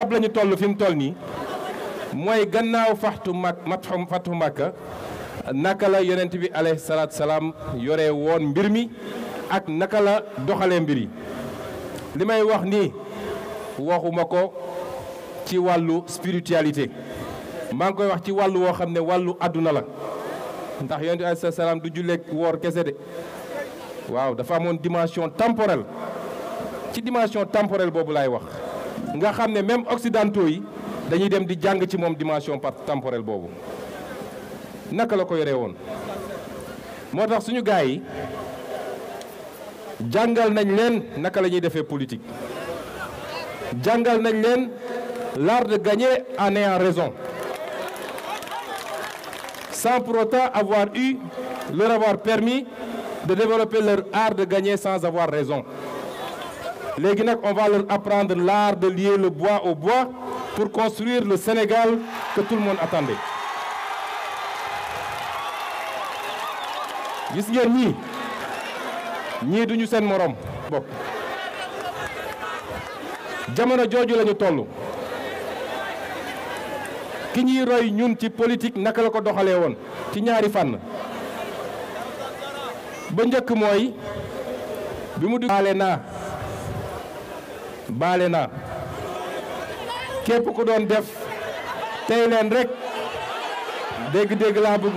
ab la ñu toll fi mu toll nii mooy gannaaw faxtu mak matxu fatxu naka la yonent bi alayhi salaatu salaam yore woon mbir mi ak naka la doxalee mbir yi li may wax nii waxuma ko ci wàllu spiritualité maa ngi koy wax ci wàllu woo xam ne wàllu àdduna la ndax yonent bi alayhi salaam du julleeg woor kese de waaw dafa amoon dimension temporel ci dimension temporelle boobu laay wax nga xam ne même occidentaux yi dañuy dem di jàng ci moom dimension temporelle boobu naka la ko yoree woon moo tax suñu gars yi jàngal nañ leen naka la ñuy defee politique jàngal nañ leen l'art de gagner en ayant raison sans pour autant avoir eu leur avoir permis de développer leur art de gagner sans avoir raison léegi nag on va leur apprendre l'art de lier le bois au bois pour construire le Sénégal que tout le gis ngeen ñii ñii duñu seen moroom bopp jamono jooju lañu toll ki ñuy roy ñun ci politique naka la ko doxalee woon ci ñaari fànn ba njëkk mooy bi mu dugg naa bale naa képp ku doon def tey leen rek dégg-dégg laa bëgg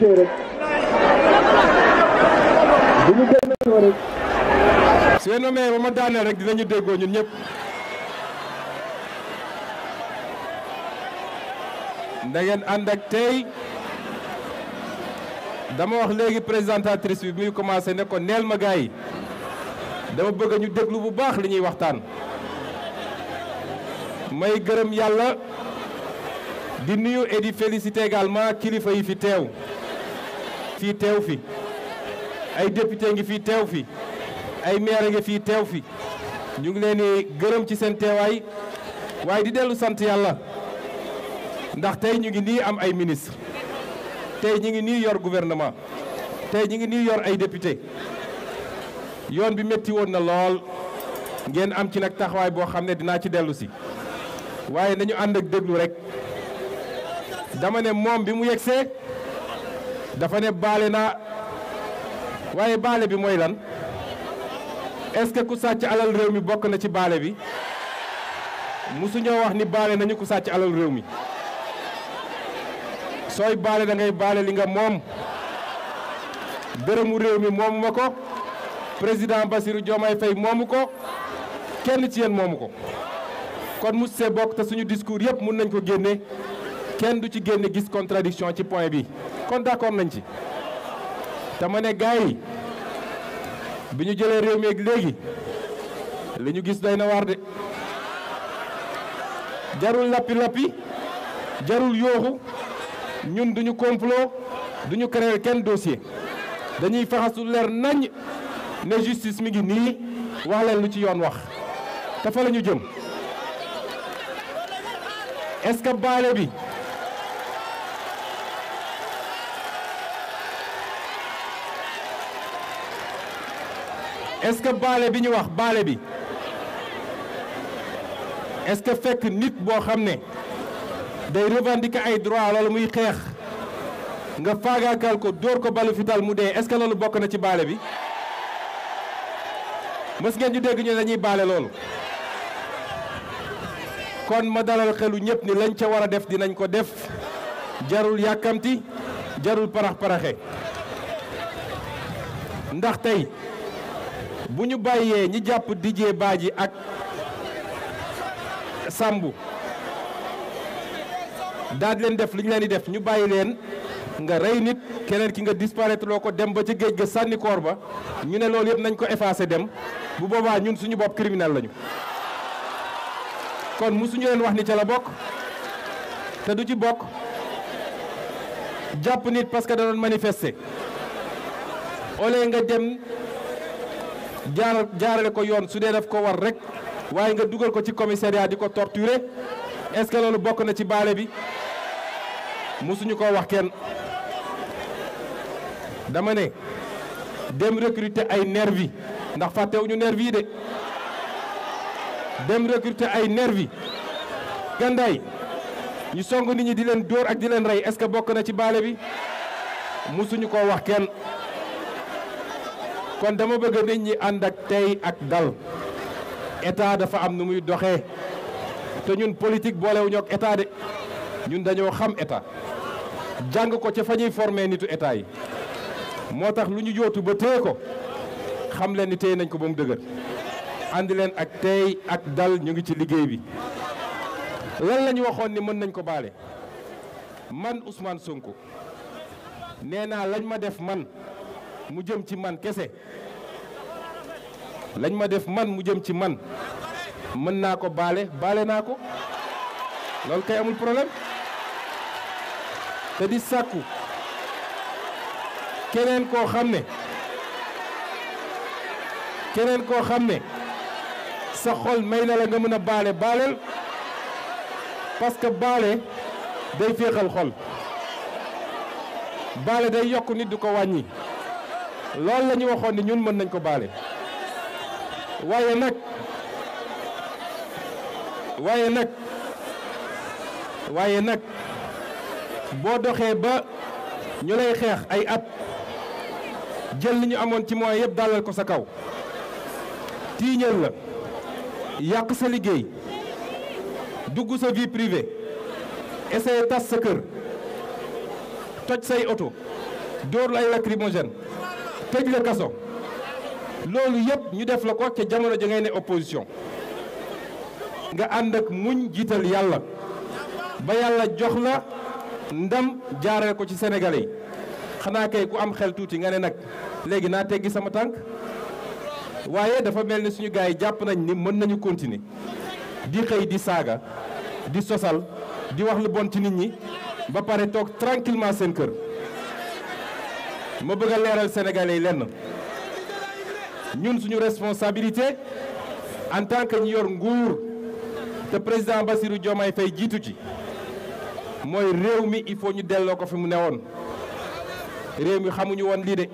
wëccee rek bu ñu ba ma daaneel rek dinañu déggoo ñun ñëpp. da ngeen ànd ak tey dama wax léegi présentatrice bi muy commencé ne ko neel ma gars yi dama bëgg ñu déglu bu baax li ñuy waxtaan. may gërëm yàlla di nuyu et di féliciter kilifa yi fi teew. fii teew fi ay député ngi fii teew fi ay maire ngi fii teew fi ñu ngi leen gërëm ci seen teewaay waaye di dellu sant yàlla ndax tey ñu ngi nii am ay ministre tey ñu ngi nii yor gouvernement tey ñu ngi nii yor ay député yoon bi métti woon na lool ngeen am ci nag taxawaay boo xam ne dinaa ci dellu si waaye nañu ànd ak déglu rek dama ne moom bi mu yegsee dafa ne baale na waaye baale bi mooy lan est-ce que ku sàcc alal réew mi bokk na ci baale bi musuñoo wax ni baale nañu ku sàcc alal réew mi sooy baale da baale li nga moom dërëmu réew mi moomu ma ko président Bassirou Diomaye Faye moomu ko kenn ci yéen moomu ko kon mu see bokk te suñu discours yëpp mun nañ ko génne kenn du ci génne gis contradiction ci point bi kon d'accord nañ ci te ma ne gars bi ñu jëlee réew mi ak léegi li ñu gis day na waar de jarul lappi lappi jarul yooxu ñun duñu complot duñu créer kenn dossier dañuy faxasu leer nañ ne justice mi ngi nii wax lu ci yoon wax te fa la ñu jëm est-ce que baale bi est-ce que baale bi ñu wax baale bi est-ce que fekk nit boo xam ne day revendiquer ay droit loolu muy xeex nga faagaakal ko dóor ko balu fital mu dee est-ce que loolu bokk na ci baale bi mës ngeen ñu dégg ñu dañuy baale loolu kon ma dalal xelu ñëpp ni lañ ca war a def dinañ ko def jarul yàkkamti jarul parax paraxe ndax tey bu ñu bàyyee ñi jàpp Didier Badji ak sàmbu daal leen def li ñu leen di def ñu bàyyi leen nga rey nit keneen ki nga disparaître ko dem ba ci géej ga sànni koor ba ñu ne loolu yëpp nañ ko effacé dem bu boobaa ñun suñu bopp criminel lañu kon musuñu leen wax ni ca la bokk te du ci bokk jàpp nit parce que da doon ole nga dem jaar jaarale ko yoon su dee daf ko war rek waaye nga dugal ko ci commissariat di ko torturer est-ce que loolu bokk na ci baale bi musuñu koo wax kenn dama ne dem recruter ay nervi ndax fàttewuñu nervi yi de dem recruter ay nervi gandaay ñu song nit ñi di leen dóor ak di leen rey est-ce que bokk na ci baale bi musuñu koo wax kenn kon dama bëgg nit ñi ànd ak tey ak dal état dafa am nu muy doxe te ñun politique boolewuñu ak état de ñun dañoo xam état jàng ko ca fa ñuy formé nitu état yi moo tax lu ñu jootu ba téye ko xam leen ni tey nañ ko ba mu dëgër àndi leen ak tey ak dal ñu ngi ci liggéey bi lan la ñu waxoon ni mën nañ ko baale man Ousmane Sonko nee naa lañ ma def man mu jëm ci man kese lañ ma def man mu jëm ci man mën naa ko baale baale naa ko loolu kay amul problème te di sàkku keneen koo xam ne keneen koo xam ne sa xol may na la nga mën a baale baaleel parce que baale day féexal xol baale day yokk nit du ko wàññi loolu la waxoon ni ñun mën nañ ko baale waaye nag waaye nag waaye nag boo doxee ba ñu lay xeex ay at jël li ñu amoon ci moyens yëpp dalal ko sa kaw tiiñal la yàq sa liggéey dugg sa vie privée essayer tas sa kër toj say oto dóor la ay lacrymogène tëj la kaso loolu yëpp ñu def la ko ca jamono ja ngay ne opposition nga ànd ak muñ jiital yàlla ba yàlla jox la ndam jaaree ko ci Sénégalais yi xanaa kay ku am xel tuuti nga ne nag léegi naa teggi sama tànk waaye dafa mel ni suñu gars yi jàpp nañ ni mën nañu continuer di xëy di saaga di sosal di wax lu bon ci nit ñi ba pare toog tranquillement seen kër ma bëgg a leeral sénégalais yi lenn ñun suñu responsabilité en tant que ñu yor nguur te président Bassirou Diomaye Faye jiitu ci mooy réew mi il faut ñu delloo ko fi mu ne woon réew mi xamuñu woon lii de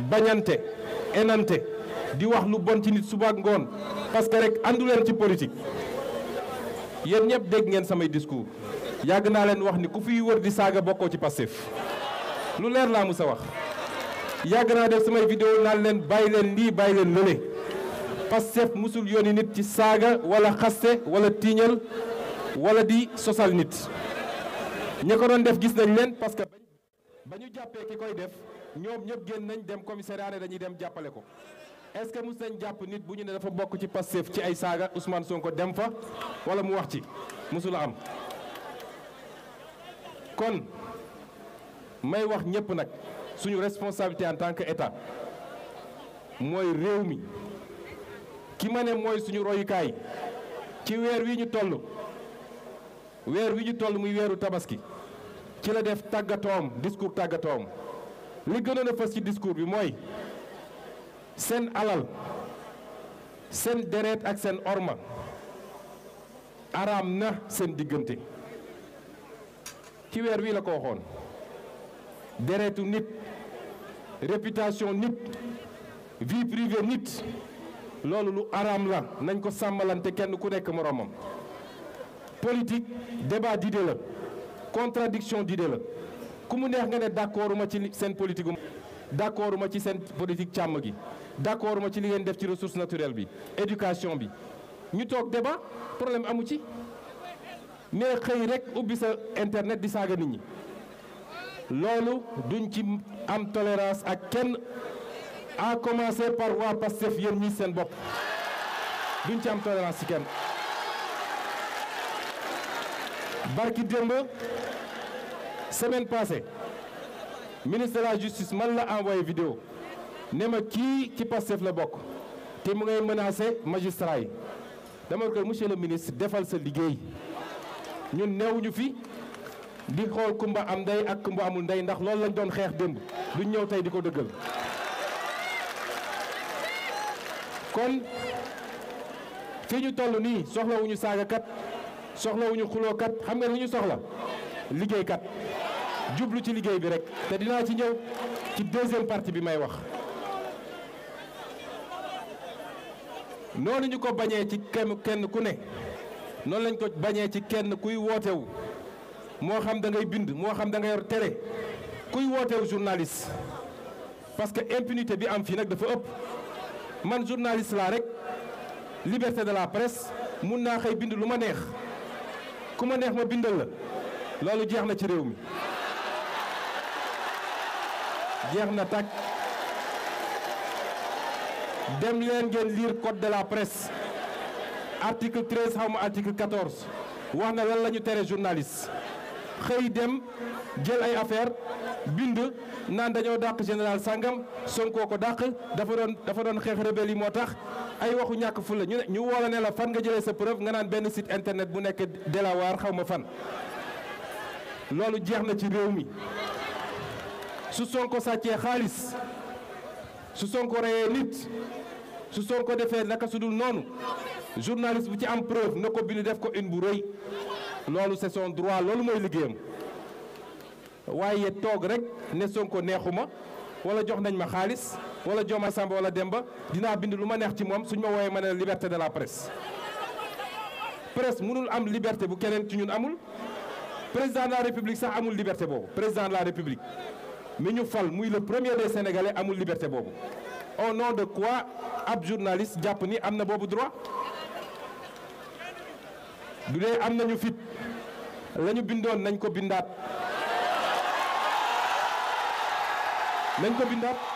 bañante enante di wax lu bon ci nit suba ngoon parce que rek àndu leen ci politique yéen ñëpp dégg ngeen samay discours yàgg naa leen wax ni ku fiy wër di saaga bokkoo ci Pastef lu leer laa musa wax yàgg naa def samay vidéo naan leen bàyyi leen lii bàyyi leen lële Pastef yoon yooni nit ci saaga wala xaste wala tiiñal wala di sosal nit ña ko doon def gis nañ leen parce que ba ñu jàppee ki koy def ñoom ñëpp génn nañ dem commissariat ne dañuy dem jàppale ko est-ce que mos nañ jàpp nit bu ñu ne dafa bokk ci Pastef ci ay saaga Ousmane ko dem fa wala mu wax ci mosula am kon may wax ñëpp nag suñu responsabilité en tant que état mooy réew mi ki ma ne mooy suñu royukaay ci weer wi ñu toll weer wi ñu toll muy weeru tabaski ci la def tàggatoom discours tàggatoom li gënoon a fës ci discours bi mooy seen alal seen deret ak seen orma araam na seen diggante ci weer wi la ko waxoon deretu nit réputation nit vie privée nit loolu lu araam la nañ ko sàmmalante kenn ku nekk moroomam politique débat d'idée la contradiction d'idée la ku mu neex nga ne d'accorduma ci seen politique um-, d'accorduma ci seen politique càmm gi d'accorduma ci li ngeen def ci ressource naturelle bi éducation bi ñu toog débat problème amu ci mais xëy rek ubbi sa internet di saaga nit ñi loolu duñ ci am tolérance ak kenn à commencer par waa Pastef yéen ñi seen bopp duñ ci am tolérance ci kenn barki démb semaine passée ministre de la justice man la envoyé vidéo ne ma kii ci Pastef la bokk te mu ngay menacé magistrat yi dama ko monsieur le ministre defal sa liggéey ñun neewuñu fi di xool kumba am ndey ak kumba amul ndey ndax loolu lañ doon xeex démb duñ ñëw tey di ko dëggal kon fii ñu toll nii soxlawuñu saagakat soxlawuñu xulookat xam nga li ñu soxla liggéeykat jublu ci liggéey bi rek te dinaa ci ñëw ci deuxième partie bi may wax noonu ñu ko bañee ci kenn kenn ku ne noonu lañ ko bañee ci kenn kuy wootewu moo xam da ngay bind moo xam da nga yor télé kuy wooteew journaliste parce que impunité bi am fii nag dafa ëpp man journaliste laa rek liberté de la presse mun naa xëy bind lu ma neex ku ma neex ma bindal la loolu jeex na ci réew mi jeex na tàkk dem leen ngeen lire code de la presse article 13 xaw ma article 14 wax na lan la ñu tere journaliste xëy dem jël ay affaire bind naan dañoo dàq général sàngam Sonko ko dàq dafa doon dafa doon xeex rebelle yi moo tax ay waxu ñàkk fu la ñu ñu woo ne la fan nga jëlee sa preuve nga naan benn sit internet bu nekk Delaware xaw ma fan loolu jeex na ci réew mi su Sonko sàccee xaalis su Sonko reyee nit su Sonko defee naka su dul noonu journaliste bu ci am preuve na ko bind def ko une bu rëy loolu c'est son droit loolu mooy liggéeyam waaye toog rek ne Sonko neexuma wala jox nañ ma xaalis wala Diomaye Samba wala Demba dinaa bind lu ma neex ci moom suñ ma wooyee ma ne liberté de la presse presse mënul am liberté bu keneen ci ñun amul président de la république sax amul liberté boobu président de la république mi ñu fal muy le premier des sénégalais amul liberté boobu on nom de quoi ab journaliste jàpp ni am na boobu droit du dee am nañu fit la bindoon nañ ko bindaat nañ ko bindaat